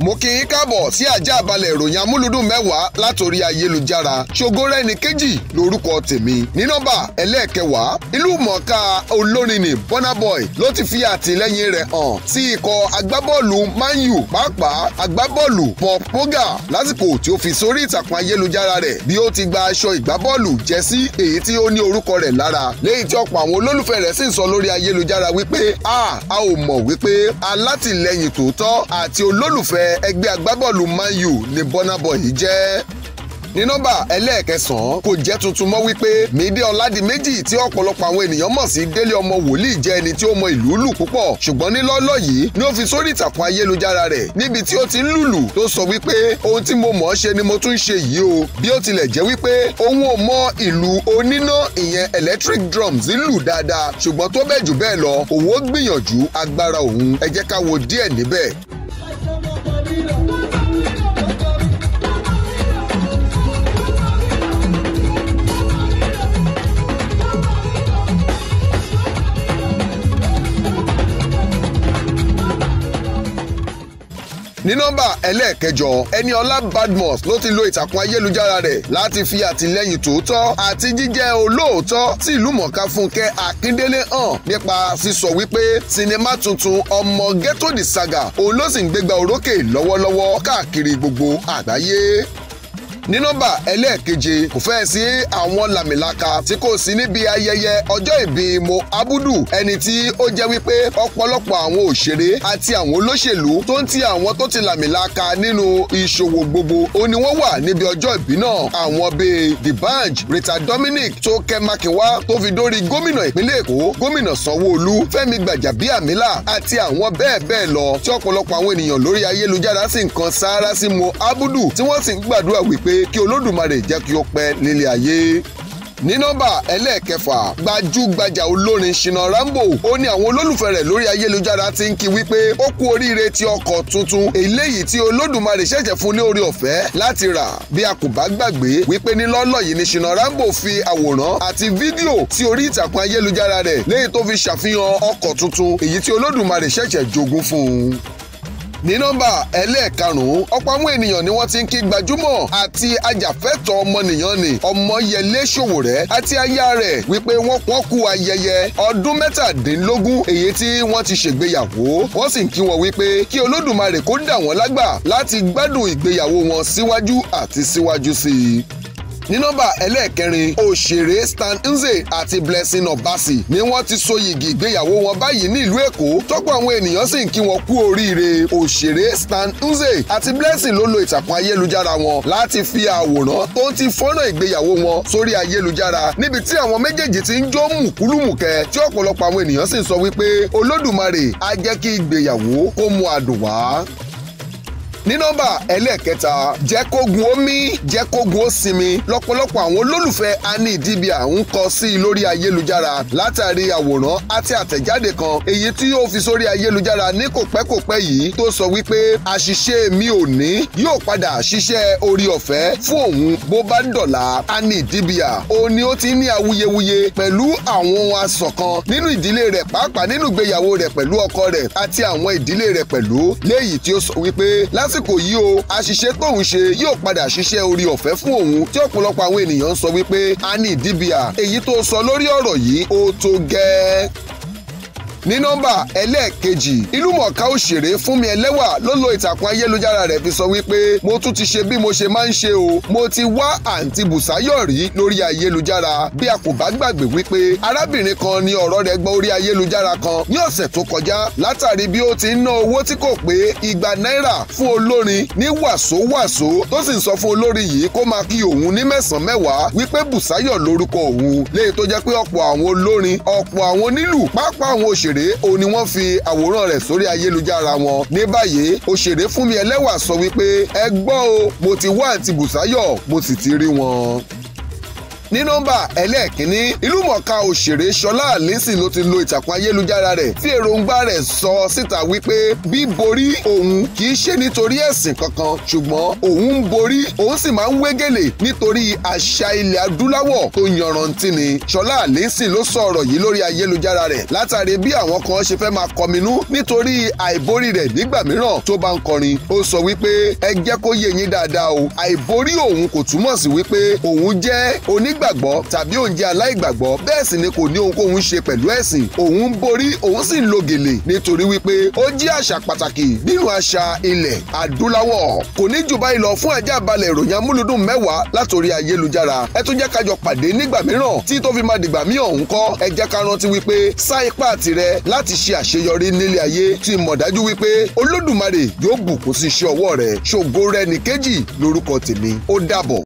mo kì í káàbọ̀ sí ajá balẹ̀ ìròyìn amúlùdùn mẹ́wàá látòrí ayélujára ṣògòrè ní kejì lórúkọ tèmi ní nọ́mbà ẹlẹ́ẹ̀kẹwàá ìlú mọ̀ọ́ká olórin ní Burna Boy ló ti fi àtìlẹ́yìn rẹ̀ hàn sí ikọ̀ agbábọ́ọ̀lù Man U pàápàá agbábọ́ọ̀lù Paul Pogba lásìkò tí ó fi sórí ìtàkùn ayélujára rẹ̀ bí ó ti gba aṣọ ìgbábọ́ọ̀lù jẹ́sí èyí tí ó ní orúkọ rẹ̀ lára lẹ́yìn tí ọ̀pọ̀ a a ò mọ̀ wípé alátìlẹ́yìn tòótọ́ àti olólùfẹ́ ẹgbẹ́ agbábọ́ọ̀lù Man U ni Burnaboy yìí jẹ́ ní nọ́mbà ẹlẹ́ẹ̀kẹsàn-án kò jẹ́ tuntun mọ́ wípé Mide Ọládìméjì tí ọ̀pọ̀lọpọ̀ àwọn ènìyàn mọ̀ sí Délé ọmọ wòlíì jẹ́ ẹni tí ó mọ ìlú lù púpọ̀ ṣùgbọ́n ní lọ́ọ́lọ́ yìí ni ó fi sórí ìtàkùn ayélujára rẹ̀ níbi tí ó ti ń lùlù tó sọ wípé ohun tí mo mọ̀ ọ́ ṣe ni mo tún ṣe yìí o bí ó tilẹ̀ jẹ́ wípé òun ò mọ ìlú oníná ìyẹn electric drums lù dáadáa ṣùgbọ́n tó bẹ́ẹ̀ jù bẹ́ẹ̀ lọ òun ó gbìyànjú agbára òun ẹ jẹ́ ká wo díẹ̀ níbẹ̀. ní nọ́mbà ẹlẹ́ẹ̀kẹjọ Ẹniọlá Badmus ló ti lo ìtàkùn ayélujára rẹ̀ láti fi àtìlẹ́yìn tòótọ́ àti jíjẹ́ olóòótọ́ tí ìlú mọ̀ọ́ká Fúnkẹ́ Akíndélé hàn nípa sísọ wípé sinimá tuntun ọmọ Ghetto the Saga òun ló sì ń gbégbá orókè lọ́wọ́lọ́wọ́ káàkiri gbogbo àgbáyé ní nọ́mbà ẹlẹ́ẹ̀keje kò fẹ́ sí àwọn làmìlaka tí kò sí níbi ayẹyẹ ọjọ́ ìbí Mo Abudu ẹni tí ó jẹ́ wípé ọ̀pọ̀lọpọ̀ àwọn òṣèré àti àwọn olóṣèlú tó ń ti àwọn tó ti làmìlaka nínú ìṣòwò gbogbo ó ní wọ́n wà níbi ọjọ́ ìbí náà àwọn bíi D'banj Rita Dominic tó kẹ́ Makinwa tó fi dórí gómìnà ìpínlẹ̀ Èkó gómìnà Sanwó-Olú Fẹ́mi Gbàjàbíàmílà àti àwọn bẹ́ẹ̀ bẹ́ẹ̀ lọ tí ọ̀pọ̀lọpọ̀ àwọn ènìyàn lórí ayélujára sì ń kan sáárá sí Mo Abudu tí wọ́n sì ń gbàdúrà wípé kí olódùmarè jẹ́ kí ó pẹ́ nílé ayé ní nọ́mbà ẹlẹ́ẹ̀kẹfà gbajúgbajà olórin Shina Rambo ó ní àwọn olólùfẹ́ rẹ̀ lórí ayélujára ti ń kí wípé ó kú oríire ti ọkọ̀ tuntun eléyìí tí olódùmarè ṣẹ̀ṣẹ̀ fún ní orí ọ̀fẹ́ láti rà bí a kò bá gbàgbé wípé ní lọ́lọ́ yìí ni Shina Rambo fi àwòrán àti fídíò sí orí ìtàkùn ayélujára rẹ̀ léyìí tó fi ṣàfihàn ọkọ̀ tuntun èyí tí olódùmarè ṣẹ̀ṣẹ̀ jogún fún un ní nọ́mbà ẹlẹ́ẹ̀karùn-ún ọ̀pọ̀ àwọn ènìyàn ni wọ́n ti ń kí gbajúmọ̀ àti ajàfẹ́tọ̀ọ́ ọmọnìyàn ni ọmọyẹlé ṣòwòrẹ́ àti aya rẹ̀ wípé wọ́n wọ́n kú ayẹyẹ ọdún mẹ́tàdínlógún èyí tí wọ́n ti ṣègbéyàwó wọ́n sì ń kí wọn wípé kí olódùmarè kó dà wọ́n lágbà láti gbádùn ìgbéyàwó wọn síwájú àti síwájú sí i ní nọ́mbà ẹlẹ́ẹ̀kẹrin òṣèré Stan Nze àti Blessing Obasi ni wọ́n ti so yìgì ìgbéyàwó wọn báyìí ní ìlú Èkó tọ́pọ̀ àwọn ènìyàn sì ń kí wọn kú oríire òṣèré Stan Nze àti Blessing ló lo ìtàkùn ayélujára wọn láti fi àwòrán tó ń ti fọ́nrán ìgbéyàwó wọn sórí ayélujára níbi tí àwọn méjèèjì ti ń jó mùkúlùmùkẹ́ tí ọ̀pọ̀lọpọ̀ àwọn ènìyàn sì ń sọ wípé Olódùmarè á jẹ́ kí ìgbéyàwó kó mu àdùn wá ní nọ́mbà ẹlẹ́ẹ̀kẹta jẹ́ kógun ó mí jẹ́ kógun ó sinmi lọ́pọ̀lọpọ̀ àwọn olólùfẹ́ Annie Idibia ń kọ sí i lórí ayélujára látàrí àwòrán àti àtẹ̀jáde kan èyí tí yóò fi sórí ayélujára ní kòpẹ́kòpẹ́ yìí tó sọ wípé àṣìṣe mi ò ní yóò padà ṣiṣẹ́ orí ọ̀fẹ́ fún òun bó bá dọ̀la Annie Idibia ó ní ó ti ní awuyewuye pẹ̀lú àwọn asọ̀kan nínú ìdílé rẹ̀ pàápàá nínú ìgbéyàwó rẹ̀ pẹ̀lú ọkọ rẹ̀ àti àwọn ìdílé rẹ̀ pẹ̀lú léyìí tí ó sọ wípé lásì lásìkò yìí o àṣìṣe tóun ṣe yóò padà ṣiṣẹ́ orí ọ̀fẹ́ fún òun tí ọ̀pọ̀lọpọ̀ àwọn ènìyàn ń sọ wípé a ní ìdíbíà èyí tó sọ lórí ọ̀rọ̀ yìí ó tó gẹ́ẹ́ ní nọ́mbà ẹlẹ́ẹ̀kejì ìlúmọ̀ọ́ká òṣèré Fúnmi Ẹlẹ́wà ló lo ìtàkùn ayélujára rẹ̀ fi sọ wípé mo tún ti ṣe bí mo ṣe máa ń ṣe o mo ti wá àǹtí Bùsáyọ̀ rí lórí ayélujára bí a kò bá gbàgbé wípé arábìnrin kan ni ọ̀rọ̀ rẹ̀ gbọ́ orí ayélujára kan ní ọ̀sẹ̀ tó kọjá látàrí bí ó ti ń ná owó tí kò pé igba náírà fún olórin ní wàsówàsó tó sì ń sọ fún olórin yìí kó máa kí òun ní mẹ́sàn-án mẹ́wàá wípé Bùsáyọ̀ lórúkọ òun léyìí tó jẹ́ pé ọ̀pọ̀ àwọn olórin ọ̀pọ̀ àwọn onílù pàápàá àwọn òṣèré òṣèré òun ni wọ́n fi àwòrán rẹ̀ sórí ayélujára wọn ní báyìí òṣèré Fúnmi Ẹlẹ́wà sọ wípé ẹ gbọ́ o mo ti wá àǹtí Bùsáyọ̀ mo sì ti rí wọn ní nọ́mbà ẹlẹ́ẹ̀kínní ìlúmọ̀ọ́ká òṣèré Ṣọlá Allyson ló ti lo ìtàkùn ayélujára rẹ̀ tí èròǹgbà rẹ̀ sọ síta wípé bíborí òun kì í ṣe nítorí ẹ̀sìn kankan ṣùgbọ́n òun ń borí òun sì máa ń wégèlè nítorí àṣà ilẹ̀ adúláwọ̀ tó yanrantí ni Ṣọlá Allyson ló sọ ọ̀rọ̀ yìí lórí ayélujára rẹ̀ látàrí bí àwọn kan ṣe fẹ́ máa kọminú nítorí àìborí rẹ̀ nígbà mìíràn tó onígbàgbọ́ tàbí òun jẹ́ aláìgbàgbọ́ bẹ́ẹ̀ sì ni kò ní ohunkóhun ṣe pẹ̀lú ẹ̀sìn òun ń borí òun sì ń lo gèlè nítorí wípé ó jẹ́ àṣà pàtàkì nínú àṣà ilẹ̀ adúláwọ̀ kò ní jù báyìí lọ fún ajá balẹ̀ ìròyìn amúlùdùn mẹ́wàá látòrí ayélujára ẹ tún jẹ́ kájọ pàdé nígbà mìíràn tí tó fi máa dìgbà mí ọ̀hún kọ́ ẹ jẹ́ ká rántí wípé sá ipá tirẹ̀ láti ṣe àṣeyọrí nílé ayé tí mọ̀ dájú wípé olódùmarè yóò bùkún sí iṣẹ́ ọwọ́ rẹ̀ ṣògo rẹ̀ nìkejì lórúkọ tèmi ó dàbọ̀.